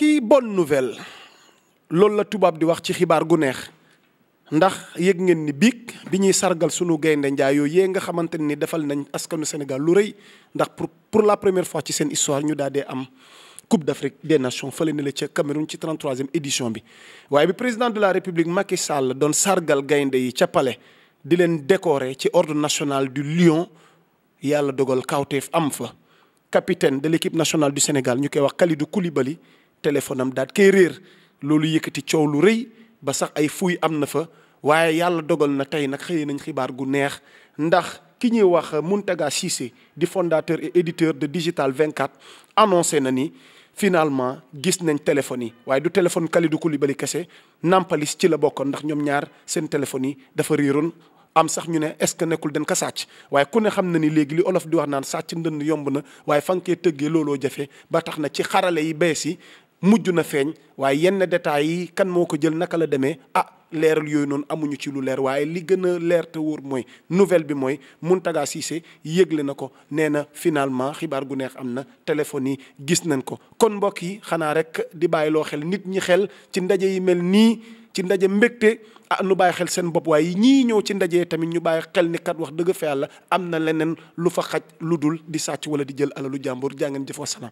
mbokk yi nouvelle loolu la tubaab di wax ci xibaar gu neex ndax yëg ngeen ni biig bi ñuy sargal sunu gaynde njaay yooyu yee nga xamante ni defal nañ askanu Sénégal lu rëy ndax pour pour la première fois ci seen histoire ñu daal dee am Coupe d'Afrique des nation fële na la ca Cameroun ci 33e édition bi. waaye bi président de la République Macky Sall doon sargal gaynde yi ca palais di leen décorer ci ordre national du Lion yàlla dogal kawteef am fa capitaine de l'équipe nationale du Sénégal ñu koy wax Kalidou Koulibaly. téléphone am daat koy réer loolu yëkkati coow lu rëy ba sax ay fuy am na fa waaye yàlla dogal na tey nag xëye nañ xibaar gu neex ndax ki ñuy wax mun Mountaga Cissé di fondateur et éditeur de Digital 24 annoncé na ni finalement gis nañ téléphone yi waaye du ku Kalidou Koulibaly kese Nampalis ci la bokkoon ndax ñoom ñaar seen téléphone yi dafa réeroon am sax ñu ne est-ce que nekkul dañ ko sàcc waaye ku ne xam na ni léegi li olof di wax naan sàcc ndënd yomb na waaye fa nga looloo jafe ba tax na ci xarale yi bees yi mujj na feeñ waaye yenn détails yi kan moo ko jël naka la demee ah leeral yooyu noonu amuñu ci lu leer waaye li gën a leer te wóor mooy nouvelle bi mooy mun Mountaga Cissé yëgle na ko nee na finalement xibaar gu neex am na téléphone yi gis nañ ko. kon mbokk yi xanaa rek di bàyyiloo xel nit ñi xel ci ndaje yi mel nii ci ndaje mbégte ah nu bàyyi xel seen bopp waaye ñii ñëw ci ndaje tamit ñu bàyyi xel ni kat wax dëgg fa la am na leneen lu fa xaj lu dul di sàcc wala di jël alalu jàmbur jaa ngeen jëf wa